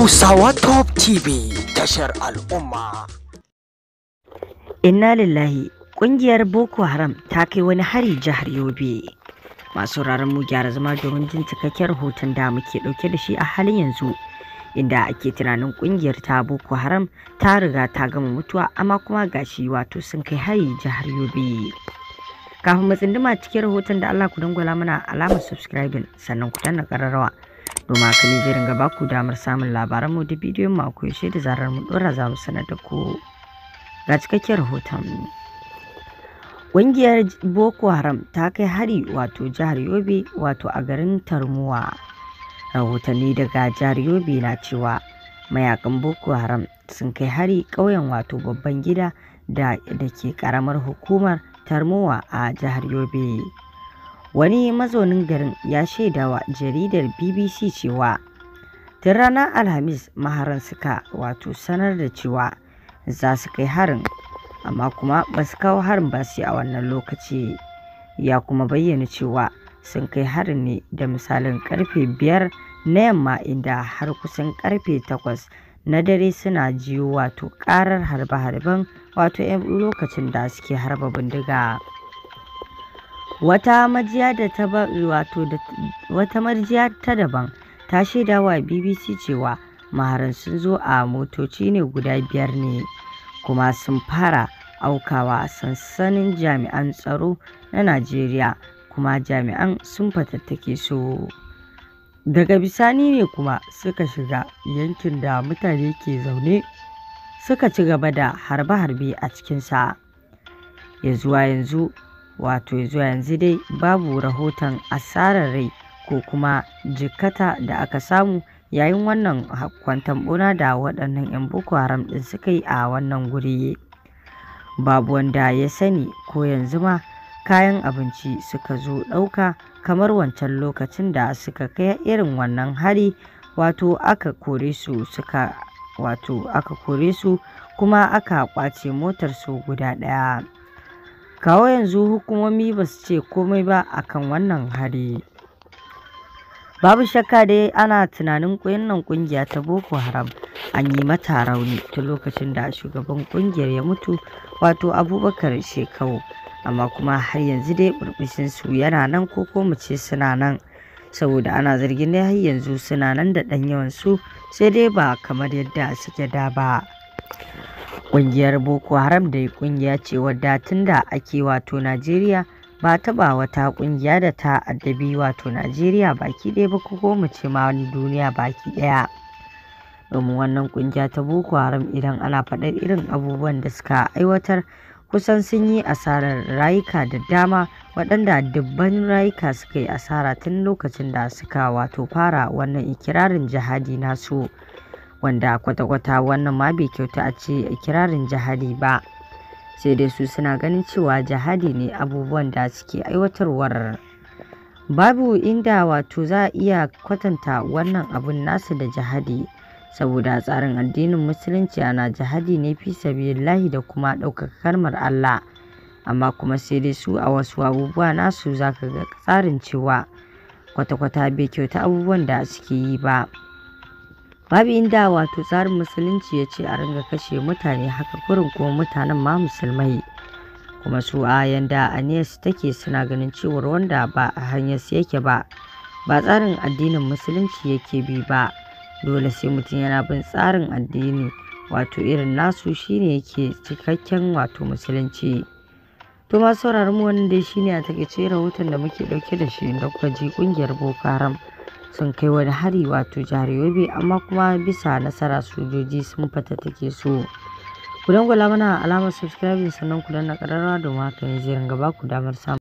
Hausawa Top TV tashar al'umma. Inna lillahi ƙungiyar Boko Haram ta kai wani hari jihar Yobe. Masu mu gyara zama domin jin cikakken rahoton da muke ɗauke da shi a halin yanzu. Inda ake tunanin ƙungiyar ta Boko Haram ta riga ta gama mutuwa amma kuma gashi wato sun kai hari jihar Yobe. Kafin mu tsinduma cikin rahoton da Allah ku dangwala mana alamar subscribing sannan ku danna ƙararrawa. domin haka ne zai baku damar samun labaran mu da bidiyon mu a da zarar mu dora za mu sanar da ku ga cikakken rahoton ƙungiyar boko haram ta kai hari wato jihar yobe wato a garin tarmuwa rahotanni daga jihar yobe na cewa mayakan boko haram sun kai hari ƙauyen wato babban gida da ke ƙaramar hukumar tarmowa a jihar yobe Wani mazaunin garin ya shaidawa jaridar BBC cewa tun ranar Alhamis maharan suka wato sanar da cewa za su kai harin amma kuma ba su kawo harin ba sai a wannan lokaci ya kuma bayyana cewa sun kai harin ne da misalin karfe biyar na yamma inda har kusan karfe takwas na dare suna jiyo wato karar harbe-harben wato 'yan lokacin da suke harba bindiga. Wata majiya da ta wato wata majiya ta daban ta shaida wa BBC cewa maharan sun zo a motoci ne guda biyar ne kuma sun fara aukawa sansanin jami'an tsaro na Najeriya kuma jami'an sun fatattake su. Daga bisani ne kuma suka shiga yankin da mutane ke zaune suka ci gaba da harbe-harbe a cikinsa. Ya zuwa yanzu wato zuwa yanzu dai babu rahoton asarar rai ko kuma jikkata da aka samu yayin wannan kwanton buna da waɗannan 'yan boko haram ɗin suka yi a wannan guri babu wanda ya sani ko yanzu ma kayan abinci suka zo ɗauka kamar wancan lokacin da suka kai irin wannan hari wato aka kore su suka wato aka kore su kuma aka kwace motar su guda ɗaya kawo yanzu hukumomi ba su ce komai ba akan wannan hari babu shakka dai ana tunanin nan kungiya ta boko haram an yi mata rauni tun lokacin da shugaban kungiyar ya mutu wato abubakar shekau amma kuma har yanzu dai burbushin su yana nan ko ko ce suna nan saboda ana zargin dai har yanzu suna nan da dan yawan su sai dai ba kamar yadda suke da ba Ƙungiyar Boko Haram dai ƙungiya ce wadda tun da ake wato Najeriya ba taɓa wata ƙungiya da ta addabi wato Najeriya baki ɗaya ba ko mu ce ma wani duniya baki ɗaya. Domin wannan ƙungiya ta Boko Haram idan ana faɗar irin abubuwan da suka aiwatar kusan sun yi asarar rayuka da dama waɗanda dubban rayuka suka yi asara tun lokacin da suka wato fara wannan ikirarin jihadi nasu. wanda kwata-kwata wannan ma bai kyauta a ce kirarin jihadi ba sai dai su suna ganin cewa jihadi ne abubuwan da suke aiwatarwar babu inda wato za a iya kwatanta wannan abun nasu da jihadi saboda tsarin addinin musulunci ana jihadi ne fi sabilillahi da kuma ɗaukaka kalmar Allah amma kuma sai dai su a wasu abubuwa nasu zaka ga tsarin cewa kwata-kwata bai kyauta abubuwan da suke yi ba. babu inda wato tsarin musulunci ya ce a ringa kashe mutane haka kurin kuma mutanen ma musulmai kuma su a yanda aniyas take suna ganin cewar wanda ba a hanyar yake ba ba tsarin addinin musulunci yake bi ba dole sai mutum yana bin tsarin addini wato irin nasu shine yake cikakken wato musulunci to ma sauraron mu wannan dai shine a takaice rahoton da muke dauke da shi da kuka kungiyar boko haram sun kai wani hari wato jahar yobe amma kuma bisa nasara sojoji sun take so ku dangwala mana alamar subscribing sannan ku danna kararrawa domin haka ne zai ku damar samun